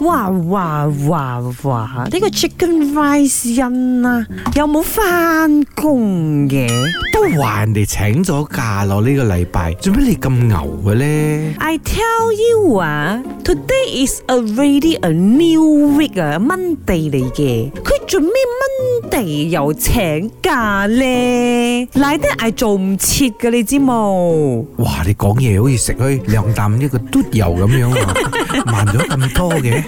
哇哇哇哇！呢、這個 Chicken Rice 人啊，有冇返工嘅？都話人哋請咗假咯，個呢個禮拜做咩你咁牛嘅咧？I tell you 啊，today is already a new week 啊，Monday 嚟嘅。佢做咩 Monday 又請假咧？賴得係做唔切嘅，你知冇？哇！你講嘢好似食開兩啖一個嘟油咁樣啊！ 慢咗咁多嘅，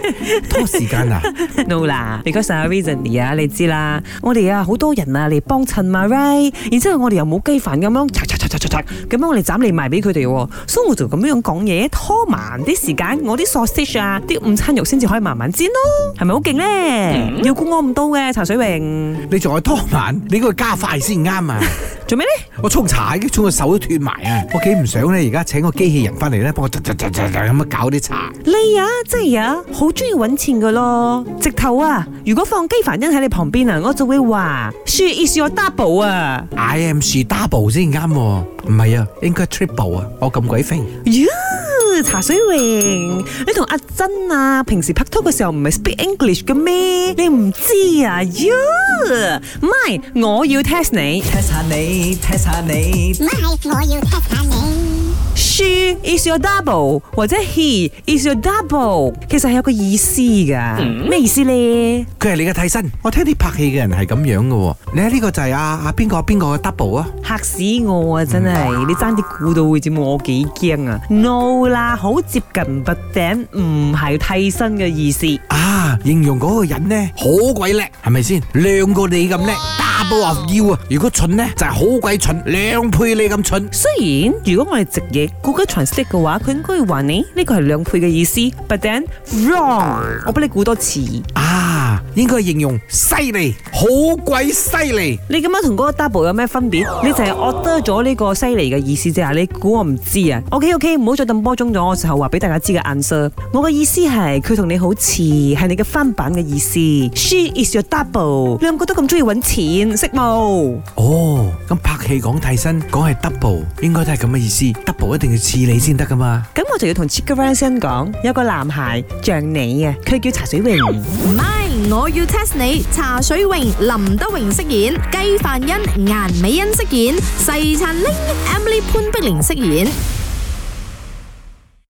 拖時間啊？No 啦 you know,、right? no like，唔該曬啊 reason 啊，你知啦，我哋啊好多人啊嚟幫襯嘛 right? 然之後我哋又冇雞飯咁樣，咁樣我哋斬嚟賣俾佢哋喎。蘇浩軒咁樣講嘢，拖慢啲時間，我啲 sausage 啊，啲午餐肉先至可以慢慢煎咯，係咪好勁咧？要估我唔到嘅，陳水榮。你仲要拖慢，你應該加快先啱啊！做咩咧？我沖茶，沖到手都脫埋啊！我幾唔想咧，而家請個機器人翻嚟咧，幫我擦擦擦擦擦咁樣搞啲茶。 你呀、啊，真係呀、啊，好中意搵錢噶咯，直頭啊！如果放機凡真喺你旁邊啊，我就會話，She is your double 啊，I am she double 先啱，哦，唔係啊，應該 triple 啊，我咁鬼肥。喲，yeah, 茶水榮，你同阿珍啊，平時拍拖嘅時候唔係 speak English 嘅咩？你唔知啊？喲，My，我要 test 你，test 下你，test 下你，咪，My, 我要 test。Is your double 或者 he is your double，其實係有個意思噶，咩、嗯、意思咧？佢係你嘅替身，我聽啲拍戲嘅人係咁樣嘅。你睇呢個就係啊，阿邊個邊個嘅 double 啊？吓、啊啊、死我啊！真係、嗯、你爭啲估到會點，我幾驚啊！No 啦，好接近 but then 唔係替身嘅意思。啊，形容嗰個人咧好鬼叻，係咪先？靚過你咁叻。都話唔要啊！如果蠢咧，就係好鬼蠢，兩倍你咁蠢。雖然如果我係直譯，Google Translate 嘅話，佢應該會話你呢個係兩倍嘅意思。But then wrong，我俾你估多次。啊應該形容犀利，好鬼犀利！你咁樣同嗰個 double 有咩分別？你就係 order 咗呢個犀利嘅意思啫，你估我唔知啊？OK OK，唔好再咁波鐘咗，我隨後話俾大家知嘅 answer。我嘅意思係佢同你好似係你嘅翻版嘅意思，she is your double。你兩個都咁中意搵錢，識冇？哦，咁拍戲講替身，講係 double，應該都係咁嘅意思。double 一定要似你先得噶嘛？咁我就要同 Cheeky 先生講，有個男孩像你啊，佢叫茶水榮。唔係我。我要 test 你，茶水泳、林德榮飾演，雞凡欣、顏美欣飾演，細陳拎、Emily 潘碧玲飾演。